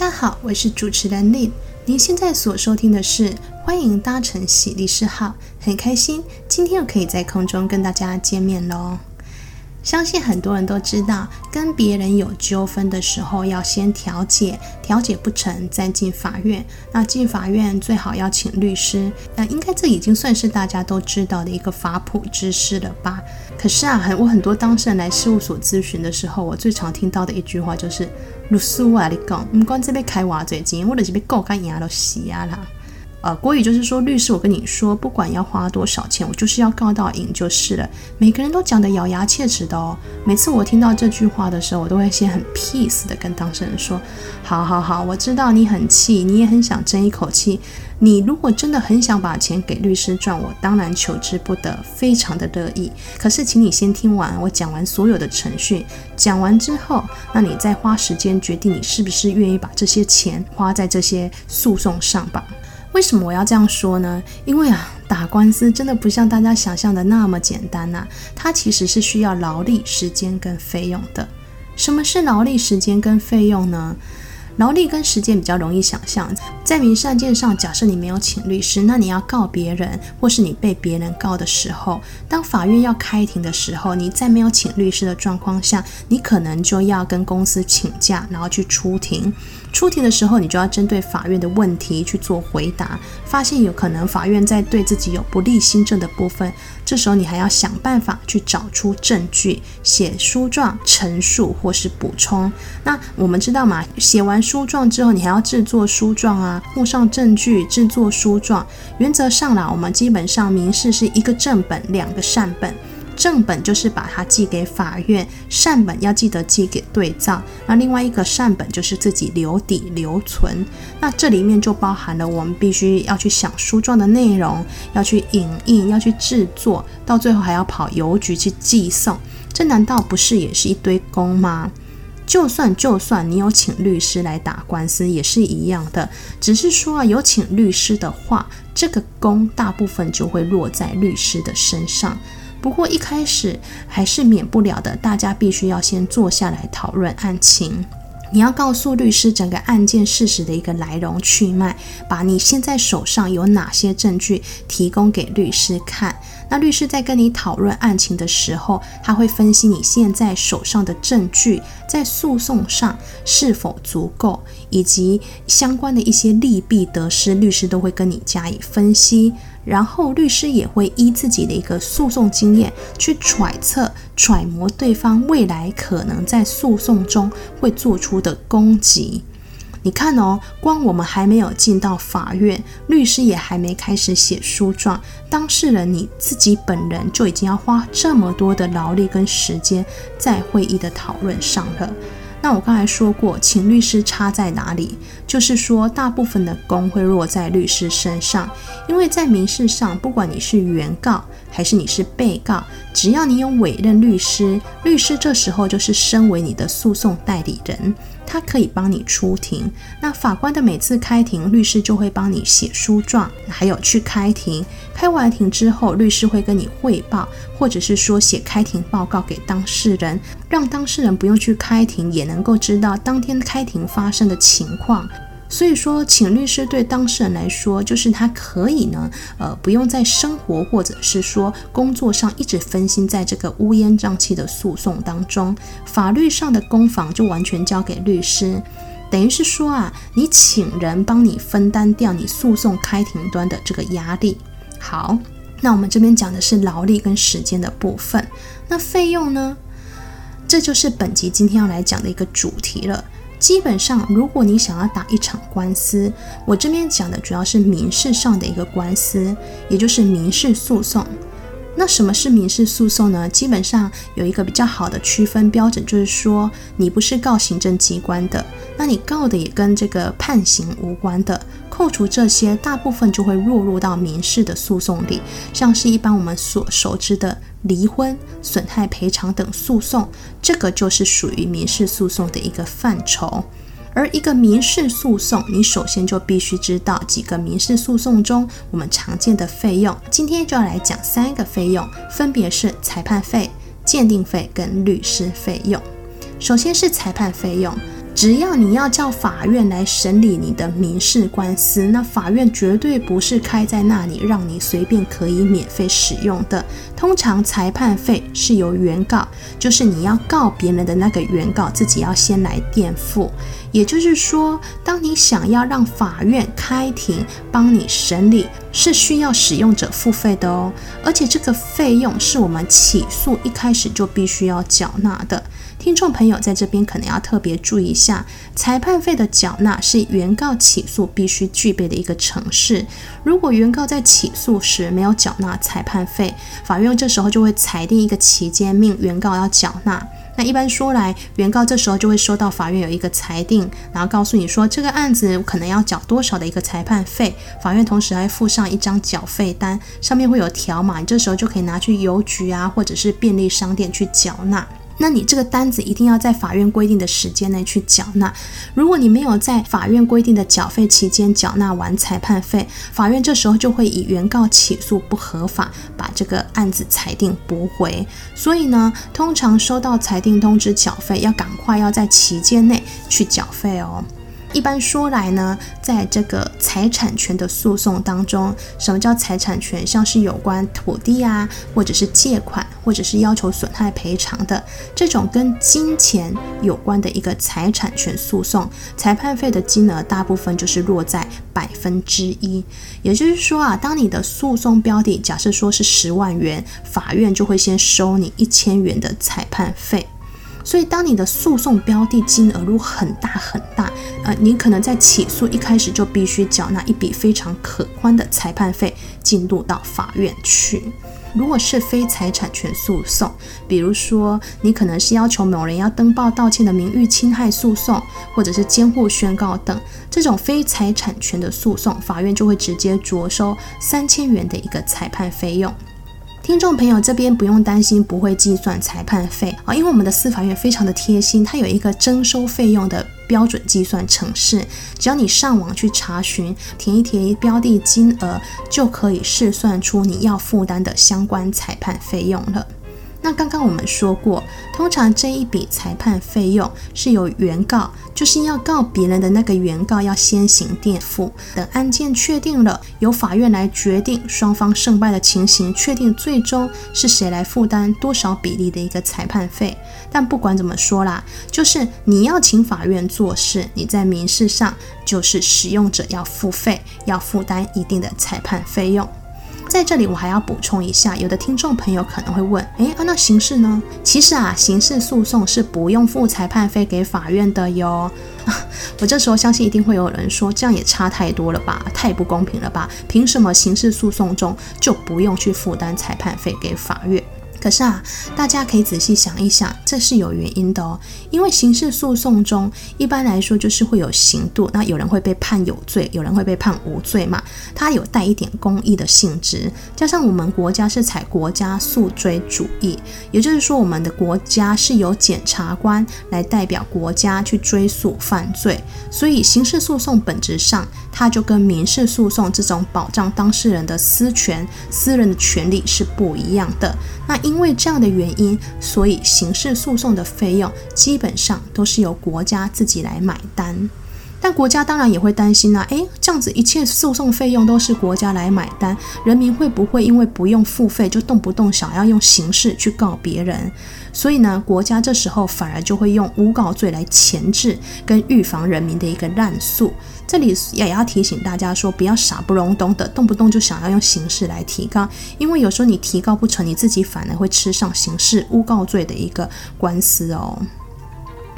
大家好，我是主持人 Lynne。您現在所收聽的是《歡迎搭乘喜力士號》，很開心今天又可以在空中跟大家見面嘍。相信很多人都知道，跟別人有糾紛的時候要先調解，調解不成再進法院。那進法院最好要請律師。那應該這已經算是大家都知道的一個法普知識了吧？可是啊，很我很多當事人來事務所諮詢的時候，我最常聽到的一句話就是：“律師啊，我跟你講，不管這邊花多少錢，我這邊告跟牙都死啊啦。”呃，國語就是說，律師，我跟你說，不管要花多少錢，我就是要告到贏就是了。每個人都講得咬牙切齒的哦。每次我聽到這句話的時候，我都會先很 peace 的跟當事人說：“好好好，我知道你很氣，你也很想爭一口氣。你如果真的很想把錢給律師賺，我當然求之不得，非常的樂意。可是，請你先聽完我講完所有的程序，講完之後，那你再花時間決定你是不是願意把這些錢花在這些訴訟上吧。”為什麼我要這樣說呢？因為啊，打官司真的不像大家想象的那麼簡單吶啊。它其實是需要勞力、時間跟費用的。什麼是勞力、時間跟費用呢？勞力跟時間比較容易想象，在民事案件上，假設你沒有請律師，那你要告別人，或是你被別人告的時候，當法院要開庭的時候，你在沒有請律師的狀況下，你可能就要跟公司請假，然後去出庭。出庭的時候，你就要針對法院的問題去做回答。發現有可能法院在對自己有不利心證的部分，這時候你還要想辦法去找出證據，寫書狀陳述或是補充。那我們知道嘛？寫完書狀之後，你還要製作書狀啊，附上證據，製作書狀。原則上啦，我們基本上民事是一個正本，兩個繕本。正本就是把它寄給法院，繕本要記得寄給對造。那另外一個繕本就是自己留底留存。那這裡面就包含了我們必須要去想書狀的內容，要去影印，要去製作，到最後還要跑郵局去寄送。這難道不是也是一堆工嗎？就算就算你有請律師來打官司，也是一樣的，只是說有請律師的話，這個工大部分就會落在律師的身上。不過一開始還是免不了的，大家必須要先坐下來討論案情。你要告訴律師整個案件事實的一個來龍去脈，把你現在手上有哪些證據提供給律師看。那律師在跟你討論案情的時候，他會分析你現在手上的證據在訴訟上是否足夠，以及相關的一些利弊得失，律師都會跟你加以分析。然後律師也會依自己的一個訴訟經驗去揣測、揣摩對方未來可能在訴訟中會做出的攻擊。你看哦，光我們還沒有進到法院，律師也還沒開始寫訴狀，當事人你自己本人就已經要花這麼多的勞力跟時間在會議的討論上了。那我剛才說過，請律師差在哪裡？就是說，大部分的工會落在律師身上，因為在民事上，不管你是原告，還是你是被告，只要你有委任律師，律師這時候就是身為你的訴訟代理人，他可以幫你出庭。那法官的每次開庭，律師就會幫你寫訴狀，還有去開庭。開完庭之後，律師會跟你匯報，或者是說寫開庭報告給當事人，讓當事人不用去開庭，也能夠知道當天開庭發生的情況。所以說，請律師對當事人來說，就是他可以呢，呃，不用在生活或者是說工作上一直分心在這個烏煙瘴氣的訴訟當中，法律上的攻防就完全交給律師，等於是說啊，你請人幫你分擔掉你訴訟開庭端的這個壓力。好，那我們這邊講的是勞力跟時間的部分，那費用呢？這就是本集今天要來講的一個主題了。基本上，如果你想要打一場官司，我這邊講的主要是民事上的一個官司，也就是民事訴訟。那什麼是民事訴訟呢？基本上有一個比較好的區分標準，就是說你不是告行政機關的，那你告的也跟這個判刑無關的，扣除這些，大部分就會落入到民事的訴訟裡，像是一般我們所熟知的離婚、損害賠償等訴訟，這個就是屬於民事訴訟的一個範疇。而一個民事訴訟，你首先就必須知道幾個民事訴訟中我們常見的費用。今天就要來講三個費用，分別是裁判費、鑑定費跟律師費用。首先是裁判費用。只要你要叫法院來審理你的民事官司，那法院絕對不是開在那裡讓你隨便可以免費使用的。通常裁判費是由原告，就是你要告別人的那個原告自己要先來墊付。也就是說，當你想要讓法院開庭幫你審理，是需要使用者付費的哦。而且這個費用是我們起訴一開始就必須要繳納的。聽眾朋友在這邊可能要特別注意一下，裁判費的繳納是原告起訴必須具備的一個程序。如果原告在起訴時沒有繳納裁判費，法院這時候就會裁定一個期間命，命原告要繳納。那一般說來，原告這時候就會收到法院有一個裁定，然後告訴你說這個案子可能要繳多少的一個裁判費。法院同時還附上一張繳費單，上面會有條碼，你這時候就可以拿去郵局啊，或者是便利商店去繳納。那你這個單子一定要在法院規定的時間內去繳納。如果你沒有在法院規定的繳費期間繳納完裁判費，法院這時候就會以原告起訴不合法，把這個案子裁定駁回。所以呢，通常收到裁定通知繳費，要趕快要在期間內去繳費哦。一般說來呢，在這個財產權的訴訟當中，什麼叫財產權？像是有關土地啊，或者是借款，或者是要求損害賠償的，這種跟金錢有關的一個財產權訴訟，裁判費的金額大部分就是落在百分之一。也就是說啊，當你的訴訟標的假設說是十萬元，法院就會先收你一千元的裁判費。所以，當你的訴訟標的金額又很大很大，呃，你可能在起訴一開始就必須繳納一筆非常可觀的裁判費，進入到法院去。如果是非財產權訴訟，比如說你可能是要求某人要登報道歉的名譽侵害訴訟，或者是監護宣告等這種非財產權的訴訟，法院就會直接酌收三千元的一個裁判費用。聽眾朋友這邊不用擔心不會計算裁判費啊，因為我們的司法院非常的貼心，它有一個徵收費用的標準計算程式，只要你上網去查詢，填一填標的金額，就可以試算出你要負擔的相關裁判費用了。那剛剛我們說過，通常這一筆裁判費用是由原告，就是要告別人的那個原告要先行墊付，等案件確定了，由法院來決定雙方勝敗的情形，確定最終是誰來負擔多少比例的一個裁判費。但不管怎麼說啦，就是你要請法院做事，你在民事上就是使用者要付費，要負擔一定的裁判費用。在這裡，我還要補充一下，有的聽眾朋友可能會問：哎、啊，那刑事呢？其實啊，刑事訴訟是不用付裁判費給法院的喲。 我這時候相信一定會有人說，這樣也差太多了吧，太不公平了吧？憑什麼刑事訴訟中就不用去負擔裁判費給法院？可是啊，大家可以仔細想一想，這是有原因的哦。因為刑事訴訟中，一般來說就是會有刑度，那有人會被判有罪，有人會被判無罪嘛。它有帶一點公益的性質，加上我們國家是採國家訴追主義，也就是說，我們的國家是由檢察官來代表國家去追訴犯罪。所以，刑事訴訟本質上，它就跟民事訴訟這種保障當事人的私權、私人的權利是不一樣的。那因為這樣的原因，所以刑事訴訟的費用基本上都是由國家自己來買單。但國家當然也會擔心啦、啊、誒，這樣子一切訴訟費用都是國家來買單，人民會不會因為不用付費就動不動想要用刑事去告別人？所以呢，國家這時候反而就會用誣告罪來鉗制跟預防人民的一個濫訴。這裡也要提醒大家說，不要傻不隆咚的，動不動就想要用刑事來提告，因為有時候你提告不成，你自己反而會吃上刑事誣告罪的一個官司哦。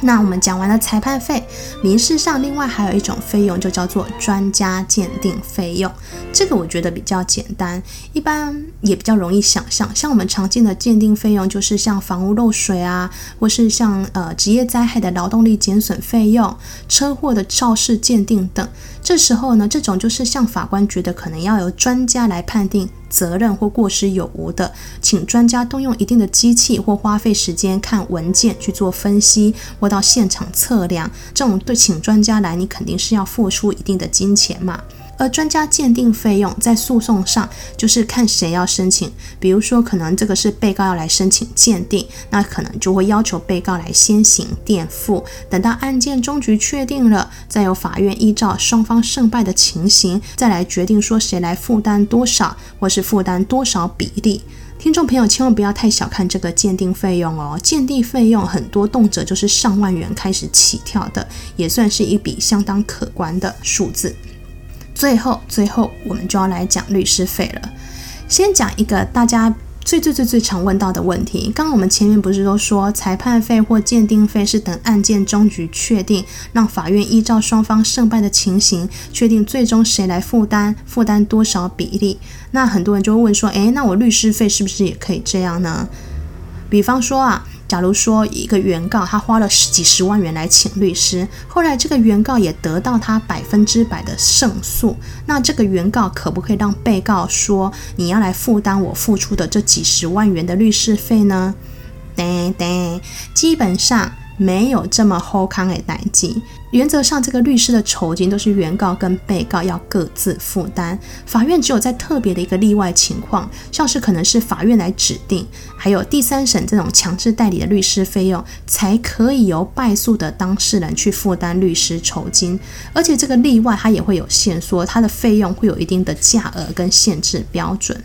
那我們講完了裁判費，民事上另外還有一種費用就叫做專家鑑定費用，這個我覺得比較簡單，一般也比較容易想象。像我們常見的鑑定費用，就是像房屋漏水啊，或是像呃職業災害的勞動力減損費用、車禍的肇事鑑定等。這時候呢，這種就是像法官覺得可能要由專家來判定，責任或過失有無的，請專家動用一定的機器或花費時間看文件去做分析，或到現場測量。這種對，請專家來，你肯定是要付出一定的金錢嘛。而專家鑑定費用在訴訟上，就是看誰要申請。比如說，可能這個是被告要來申請鑑定，那可能就會要求被告來先行墊付。等到案件終局確定了，再由法院依照雙方勝敗的情形，再來決定說誰來負擔多少，或是負擔多少比例。聽眾朋友，千萬不要太小看這個鑑定費用哦！鑑定費用很多動輒就是上萬元開始起跳的，也算是一筆相當可觀的數字。最後，最後，我們就要來講律師費了。先講一個大家最最最最常問到的問題。剛剛我們前面不是都說，裁判費或鑑定費是等案件終局確定，讓法院依照雙方勝敗的情形，確定最終誰來負擔，負擔多少比例？那很多人就會問說，誒，那我律師費是不是也可以這樣呢？比方說啊，假如說一個原告他花了十幾十萬元來請律師，後來這個原告也得到他百分之百的勝訴，那這個原告可不可以讓被告說你要來負擔我付出的這幾十萬元的律師費呢？對對，基本上。沒有這麼好康的代誌，原則上，這個律師的酬金都是原告跟被告要各自負擔。法院只有在特別的一個例外情況，像是可能是法院來指定，還有第三審這種強制代理的律師費用，才可以由敗訴的當事人去負擔律師酬金。而且這個例外它也會有限縮，說它的費用會有一定的價額跟限制標準。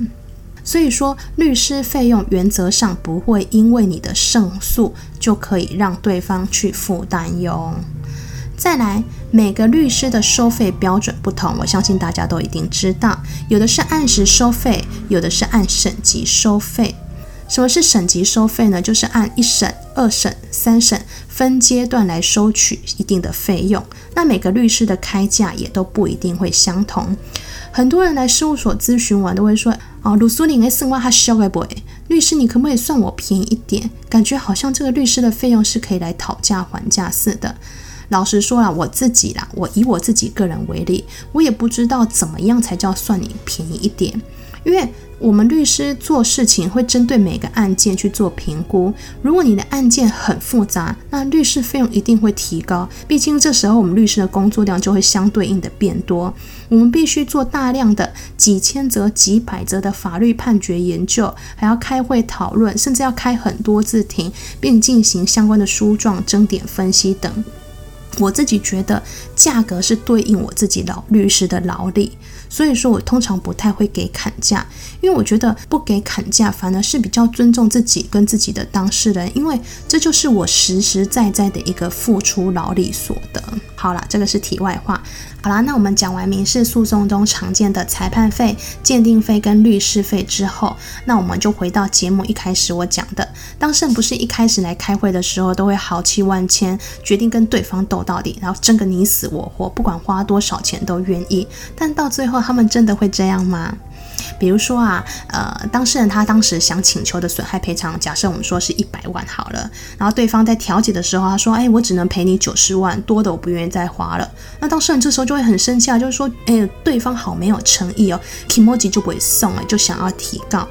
所以說，律師費用原則上不會因為你的勝訴就可以讓對方去負擔喲。再來，每個律師的收費標準不同，我相信大家都一定知道，有的是按時收費，有的是按審級收費。什麼是審級收費呢？就是按一審、二審、三審分階段來收取一定的費用。那每個律師的開價也都不一定會相同。很多人來事務所諮詢完都會說：“啊，魯蘇寧 S 萬還少個不？律師你可不可以算我便宜一點？感覺好像這個律師的費用是可以來討價還價似的。”老實說啦，我自己啦，我以我自己個人為例，我也不知道怎麼樣才叫算你便宜一點。因為我們律師做事情會針對每個案件去做評估，如果你的案件很複雜，那律師費用一定會提高。畢竟這時候我們律師的工作量就會相對應的變多，我們必須做大量的幾千則、幾百則的法律判決研究，還要開會討論，甚至要開很多次庭，並進行相關的書狀爭點分析等。我自己覺得價格是對應我自己勞律師的勞力，所以說我通常不太會給砍價，因為我覺得不給砍價反而是比較尊重自己跟自己的當事人，因為這就是我實實在在的一個付出勞力所得。好了，這個是題外話。好了，那我們講完民事訴訟中常見的裁判費、鑑定費跟律師費之後，那我們就回到節目一開始我講的，當事人不是一開始來開會的時候都會豪氣萬千，決定跟對方鬥到底，然後爭個你死我活，不管花多少錢都願意。但到最後，他們真的會這樣嗎？比如說啊，呃，當事人他當時想請求的損害賠償，假設我們說是一百萬好了。然後對方在調解的時候，他說：“哎，我只能賠你九十萬，多的我不願意再花了。”那當事人這時候就會很生氣，就是說：“哎，對方好沒有誠意哦，kimoji 就不會送了’，就想要提告。”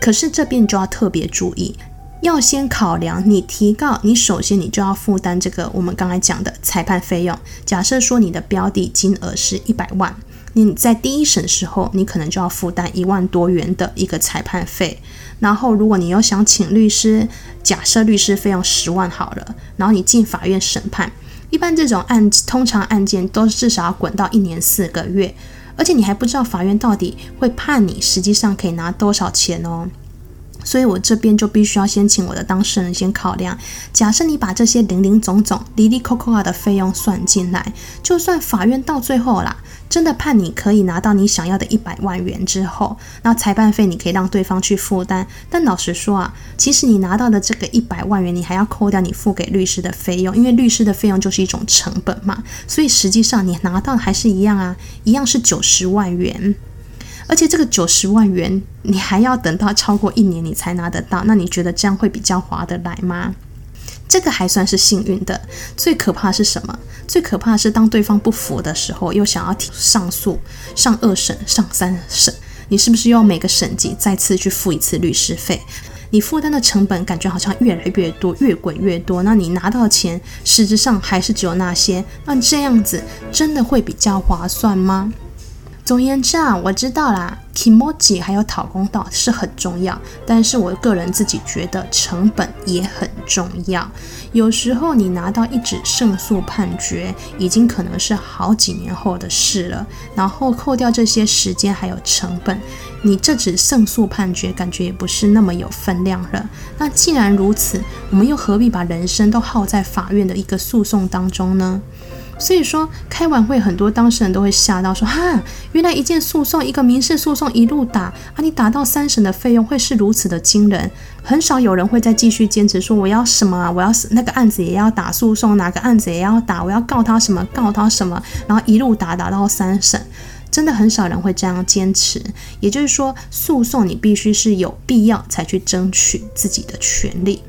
可是這邊就要特別注意。要先考量你提告，你首先你就要負擔這個我們剛才講的裁判費用。假設說你的標的金額是一百萬，你在第一審時候你可能就要負擔一萬多元的一個裁判費。然後如果你又想請律師，假設律師費用十萬好了，然後你進法院審判，一般這種案通常案件都至少要滾到一年四個月，而且你還不知道法院到底會判你實際上可以拿多少錢哦。所以我這邊就必須要先請我的當事人先考量。假設你把這些零零總總、滴滴扣扣啊的費用算進來，就算法院到最後啦，真的判你可以拿到你想要的一百萬元之後，那裁判費你可以讓對方去負擔。但老實說啊，其實你拿到的這個一百萬元，你還要扣掉你付給律師的費用，因為律師的費用就是一種成本嘛。所以實際上你拿到還是一樣啊，一樣是九十萬元。而且這個九十萬元，你還要等到超過一年你才拿得到，那你覺得這樣會比較划得來嗎？這個還算是幸運的。最可怕的是什麼？最可怕的是當對方不服的時候，又想要提上訴、上二審、上三審，你是不是又要每個審級再次去付一次律師費？你負擔的成本感覺好像越來越多，越滾越多。那你拿到的錢，實質上還是只有那些。那這樣子真的會比較划算嗎？總言之啊，我知道啦，kimochi 還有討公道是很重要，但是我個人自己覺得成本也很重要。有時候你拿到一紙勝訴判決，已經可能是好幾年後的事了，然後扣掉這些時間還有成本，你這紙勝訴判決感覺也不是那麼有分量了。那既然如此，我們又何必把人生都耗在法院的一個訴訟當中呢？所以說，開完會，很多當事人都會嚇到說，說哈，原來一件訴訟，一個民事訴訟一路打啊，你打到三審的費用會是如此的驚人，很少有人會再繼續堅持說我要什麼啊，我要那個案子也要打訴訟，哪個案子也要打，我要告他什麼，告他什麼，然後一路打打到三審，真的很少人會這樣堅持。也就是說，訴訟你必須是有必要才去爭取自己的權利。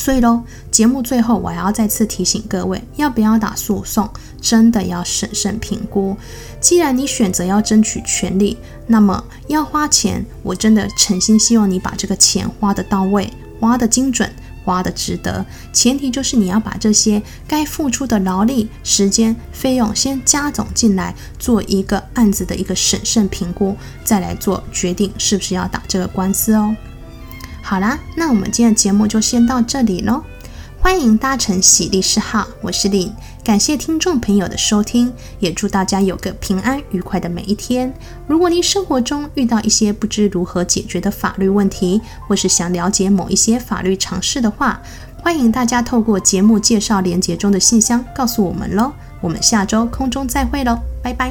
所以嘍，節目最後我還要再次提醒各位，要不要打訴訟，真的要審慎評估。既然你選擇要爭取權利，那麼要花錢，我真的誠心希望你把這個錢花得到位，花得精準，花得值得。前提就是你要把這些該付出的勞力、時間、費用先加總進來，做一個案子的一個審慎評估，再來做決定是不是要打這個官司哦。好啦，那我們今天的節目就先到這裡嘍。歡迎搭乘喜律師號，我是李。感謝聽眾朋友的收聽，也祝大家有個平安愉快的每一天。如果您生活中遇到一些不知如何解決的法律問題，或是想了解某一些法律常識的話，歡迎大家透過節目介紹連結中的信箱告訴我們嘍。我們下周空中再會嘍，拜拜。